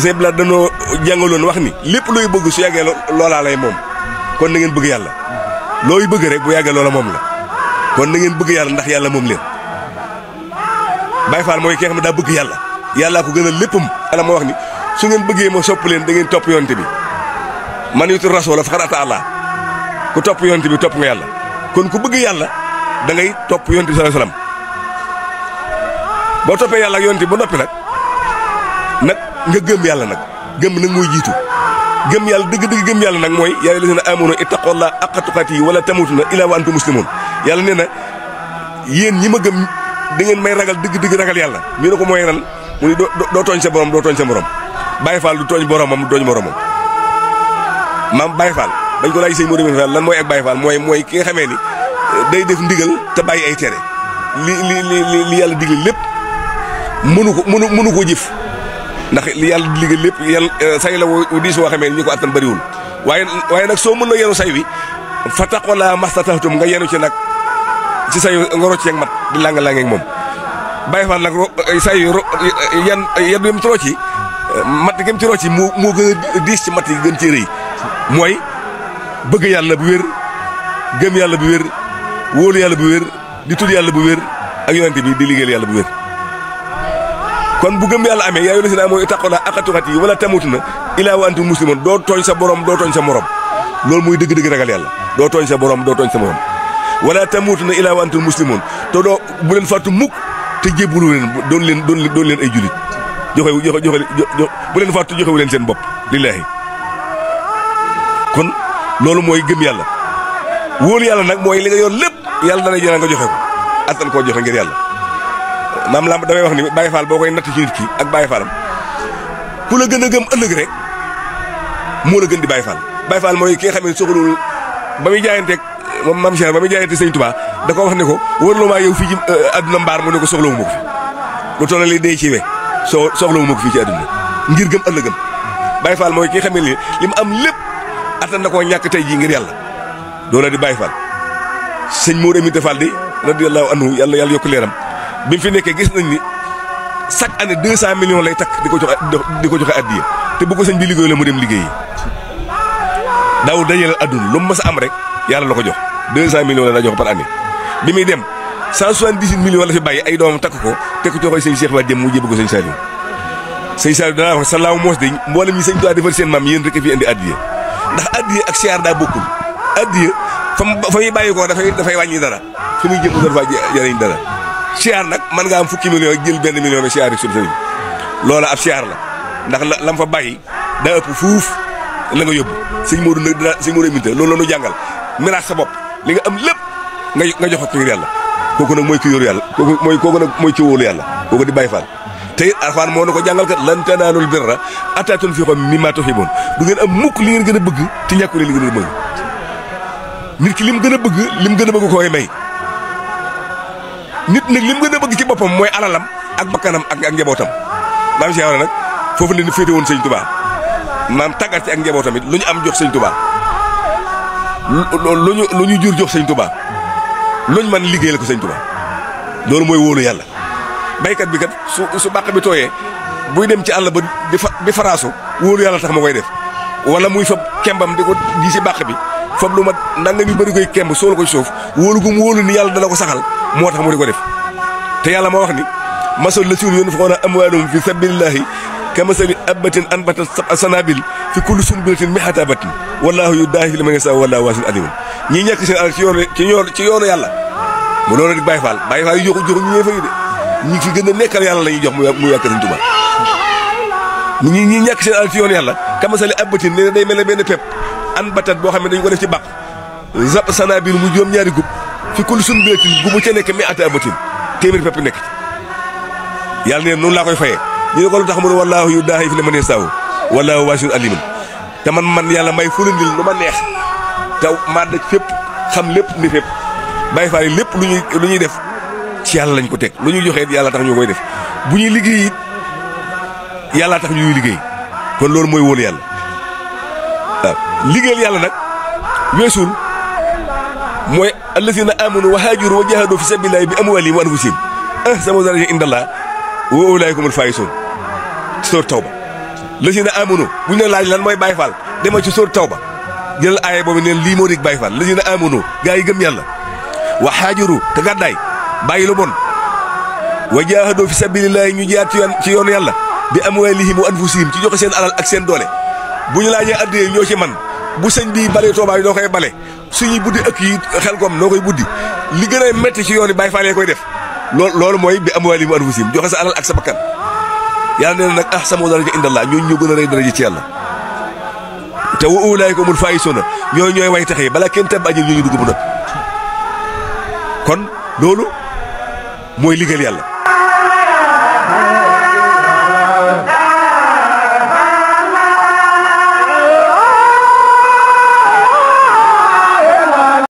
Seydou Laat danoo jàngaloon wax ni lépp looy bëgg su yàggee loolaa lay moom kon na ngeen bëgg yàlla looy bëgg rek bu yàggee loola moom la kon na ngeen bëgg yàlla ndax yàlla moom leen Baye Fall mooy ki nga ne daa bëgg yàlla yàllaa ko gën a léppam. moo wax ni su ngeen bëggee moo sopp leen da topp yoonte bi man yutu rasoola faqad ata Allah ku topp yonte bi topp nga yàlla kon ku bëgg yàlla dangay topp yonte bi sallallahu alayhi wasallam boo toppee yàlla ba noppi nag nga gëm yàlla nag gëm nag mooy jiitu gëm yàlla dëgg-dëgg gëm yàlla nag mooy yaa ayyuhallazina amanu ittaqullaha haqqa tuqaatihi wala tamuutunna illa wa antum muslimun yàlla nee na yéen ñi ma gëm da ngeen may ragal dëgg-dëgg ragal yàlla ñu ne ko mooy ran mu ne doo tooñ sa borom doo tooñ sa borom Baye Fall du tooñ boromam du tooñ boromam maam Baye Fall bañ ko laaj sëñ Modou Fall lan mooy ak Baye Fall mooy mooy ki nga xamee ni day def ndigal te bàyyi ay tere li li yàlla digle lépp ko mënu mënu ko jëf ndax li yàlla liggéey lépp yàlla euh, say la wu diis woo xamee ñu ko attan bëriwul waaye waaye nag soo mën na yenu say wi fa taqola mastatahtum nga yenu ci nag ci say nga rocceeg mat di lang-langeeg moom bàyyi fan nag say yan yan yem trop ci mat gëm ci rocci moo moo gën a diis ci mat yi gën ci rëy mooy bëgg yàlla bu wér gëm yàlla bu wér wóolu yàlla bu wér di tudd yàlla bu wér ak yonente bi di liggéeyal yàlla bu wér kon bu gëm yàlla amee yaa ayyuhal lazina aamanu ittaqullah a tuqaatihi wa laa tamuutunna illaa wa antum muslimuun doo tooñ sa borom doo tooñ sa morom loolu muy dëgg-dëgg ragal yàlla doo tooñ sa borom doo tooñ sa morom wala tamuutunna illaa wa antum muslimuun to doo bu leen fàttu mukk te jébbalu leen doo leen doon doon leen ay julit joxe joxe joxe bu leen fàttu joxewu leen seen bopp lillaahi kon loolu mooy gëm yàlla wóolu yàlla nag mooy li nga yor lépp yàlla dana jëna nga joxe ko attan koo joxe ngir yàlla maam lamb damay wax ni Baye Fall boo koy natt ci nit ki ak Baye Fallam ku la gën a gëm ëllëg rek moo la gën di Baye Fall Baye Fall mooy ki nga xam ne ba muy jaayanteeg moom maam Cheikh ba muy jaayanteeg sëñ Touba da wax ne ko wërloo maa yow fii ci euh, ko soxlawu ma ko fi lu toll li dee ci ngir gëm ëllëgëm Baye mooy ki nga xam ne li mu am lépp attan na koo ñàkk tey jii ngir yàlla doo la di Baye Fall sëñ Mourou Amity Fall di radiyallahu anhu yàlla yàlla yokk leeram bi mu fi nekkee gis nañ ni chaque année deux cent millions lay takk di ko jox di ko joxe addiya te bu ko sëñ bi liggéey la mu dem liggéey liggéeyi daaw dajale adduna lu mu mës a am rek yàlla la ko jox deux cent la daa jox par année bi muy dem cent soixante-dix-huit millions la fi bàyyi ay doomam takk ko te ko joxoy sëñ Cheikh Wade jëm mu jébb ko sëñ Saliou sëñ Saliou danaa wax salaaw moos de mboolem ñi sëñ Tuubaa defal seen maam yéen rek a fi indi addiya ndax addiya ak siyaar daa bokkul addiya fa mu fa muy dafay dafay dara fi muy jëm dara faa jëriñ dara siyaar nag man nga am fukki million ak jël benn million bi siyaar yi suñu sëriñ loola ab siyaar la ndax la lam fa bàyyi da ëpp fuuf la nga yóbbu sëñ Modou nag dina mu Modou Aminta loolu la ñu jàngal miraax sa bopp li nga am lépp nga nga jox ko ngir yàlla kooku nag mooy ki yóoru yàlla kooku mooy kooku nag mooy ki yàlla kooku di bay Faal te it Alxuraan moo na ko jàngal kat lan tanaalul birra hattaa tunfiqu mimmaa tuhibbuun du ngeen am mukk li ngeen gën a bëgg te ñàkkule li ngeen gën a bëgg nit ki lim gën a bëgg lim gën a bëgg koy may nit nag lim mu gën a bëgg ci boppam mooy alalam ak bakkanam ak ak njabootam maam Cheikh Ibra nag foofu la ñu féete woon sëñ Touba maam tàggat ci ak njabootam it lu ñu am jox sëñ Touba lu ñu lu ñu jur jox sëñ Touba lu ñu mën liggéeyal ko sëñ Touba loolu mooy wóolu yàlla. baykat bi kat su su bàq bi tooyee buy dem ci àll ba di fa di faraasu wóolu yàlla tax ma koy def wala muy fab kembam di ko di si bàq bi fab lu mat nangam yu bëri koy kemb sool ko ci suuf wóolu gu wóolu ni yàlla dana ko saxal. moo tax mu di ko def te yàlla moo wax ni masal la suun yoon foona amwaalum fi sabilillahi ka masali abbatin anbatat sab'a sanabil fi kulli sunbulatin mihata batin wallahu yudaahi liman yasaa wallahu waasiun aliim ñii ñàkk seen alal ci yoonu ci yoonu ci yoonu yàlla mu loolu di Baye Fall Baye Fall yi joxu joxu ñu ñëw fa ñu de ñi fi gën a nekkal yàlla la ñuy jox muy wàkk Sëñ Tuubaa ñi ñi ñàkk seen alal ci yoonu yàlla ka masali abbatin nee day mel ne benn pepp anbatat boo xam ne dañu ko def ci bàq zab sanabil mu juróom-ñaari gub fi kulli sunbulatin bu mu ca nekk mi ata abatin téeméer pepp nekk ci yàlla neen noonu laa koy fayee ñu ne ko lu tax mu wallaahu yu daaxee fi ne ma nee saaw wallaahu waasiun aliim te man man yàlla may fu lindil lu ma neex te ma daj fépp xam lépp ni fépp bàyyi faale lépp lu ñuy lu ñuy def ci yàlla lañ ko teg lu ñuy joxe yàlla tax ñu koy def bu ñuy liggéey it yàlla tax ñuy liggéey kon loolu mooy wóolu yàlla liggéeyal yàlla nag weesul mooy allazina amanu wa hajaru wa jahadu fi sabilillahi bi amwalihim wa anfusihim ahsanu daraja inda allah wa ulaika humul faizun sóor tawba allazina amanu bu ñu laaj lan mooy Baay Faal demal ci sóor tawba jël aaya boobu neen lii moo dig Baay Faal allazina amanu gaa yi gëm yàlla wa hajaru te gàddaay bàyyi lu bon wa jahadu fi sabilillahi ñu jaat ci yoon yàlla bi amwalihim wa anfusihim ci joxe seen alal ak seen doole bu ñu laajee addee ñoo ci man bu sëñ bii balee Touba yi noo koy bale suñuy buddi ëkk yi xel koom noo koy buddi li gën a métti ci yoon yi Baye Fall yi koy def lool loolu mooy bi amwaali mu anfusim joxe sa alal ak sa bakkan yàlla nee na nag ah sama daraja indallah ñooñu ñoo gën a rëy daraja ci yàlla te wa ulaayka humul faaizuuna ñooy ñooy way taxe balaa kenn tàbb ajjana ñooñu dugg bu noppi kon loolu mooy liggéeyal yàlla